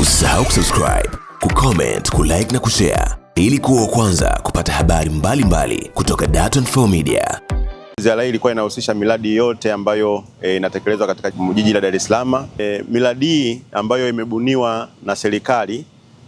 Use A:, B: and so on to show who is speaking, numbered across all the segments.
A: Usisahau kusubscribe, kucomment, kulike na kushare ili kuwa kwanza kupata habari mbalimbali mbali kutoka Dar24 Media.
B: Ziara hii ilikuwa inahusisha miradi yote ambayo e, inatekelezwa e, katika jiji la Dar es Salaam. E, miradi hii ambayo imebuniwa na serikali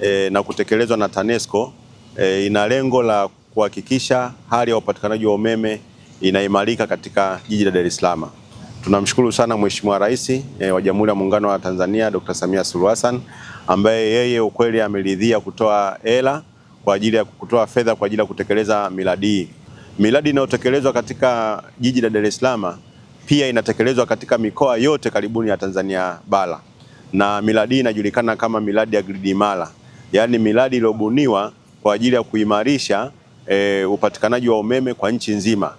B: e, na kutekelezwa na TANESCO e, ina lengo la kuhakikisha hali ya upatikanaji wa umeme inaimarika katika jiji la Dar es Salaam. Tunamshukuru sana Mheshimiwa Rais e, wa Jamhuri ya Muungano wa Tanzania Dr. Samia Suluhu Hassan ambaye yeye ukweli ameridhia kutoa hela kwa ajili ya kutoa fedha kwa ajili ya kutekeleza miradi hii. Miradi inayotekelezwa katika jiji la Dar es Salaam pia inatekelezwa katika mikoa yote karibuni ya Tanzania bara, na miradi inajulikana kama miradi ya gridi imara, yaani miradi iliyobuniwa kwa ajili ya kuimarisha e, upatikanaji wa umeme kwa nchi nzima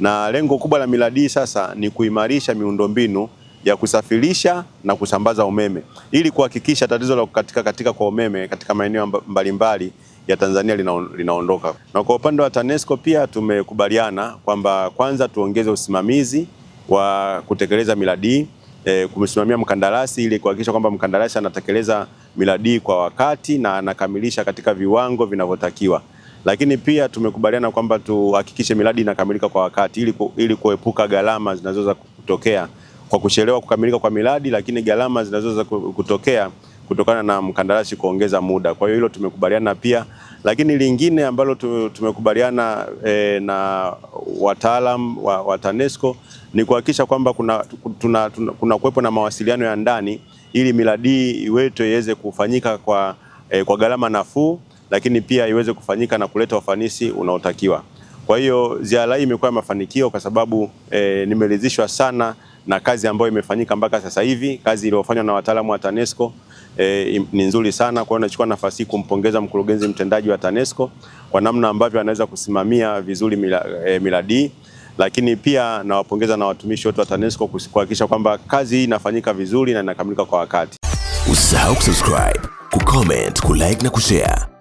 B: na lengo kubwa la miradi hii sasa ni kuimarisha miundombinu ya kusafirisha na kusambaza umeme ili kuhakikisha tatizo la kukatika katika kwa umeme katika maeneo mbalimbali ya Tanzania linaondoka. Na kwa upande wa TANESCO pia tumekubaliana kwamba kwanza tuongeze usimamizi wa kutekeleza miradi hii e, eh, kumsimamia mkandarasi ili kuhakikisha kwamba mkandarasi anatekeleza miradi hii kwa wakati na anakamilisha katika viwango vinavyotakiwa lakini pia tumekubaliana kwamba tuhakikishe miradi inakamilika kwa wakati ili, ku, ili kuepuka gharama zinazoweza kutokea kwa kuchelewa kukamilika kwa miradi, lakini gharama zinazoweza kutokea kutokana na mkandarasi kuongeza muda. Kwa hiyo hilo tumekubaliana pia, lakini lingine ambalo tumekubaliana e, na wataalam wa, wa TANESCO ni kuhakikisha kwamba kuna, tuna, tuna, kuna kuwepo na mawasiliano ya ndani ili miradi wetu iweze kufanyika kwa, e, kwa gharama nafuu lakini pia iweze kufanyika na kuleta ufanisi unaotakiwa. Kwa hiyo ziara hii imekuwa mafanikio kwa sababu e, nimeridhishwa sana na kazi ambayo imefanyika mpaka sasa hivi. Kazi iliyofanywa na wataalamu wa TANESCO e, ni nzuri sana. Kwa hiyo nachukua nafasi hii kumpongeza mkurugenzi mtendaji wa TANESCO kwa namna ambavyo anaweza kusimamia vizuri mila, e, miradi lakini pia nawapongeza na watumishi wote wa TANESCO kuhakikisha kwamba kazi hii inafanyika vizuri na inakamilika kwa wakati. Usisahau kusubscribe, kucomment, kulike na kushare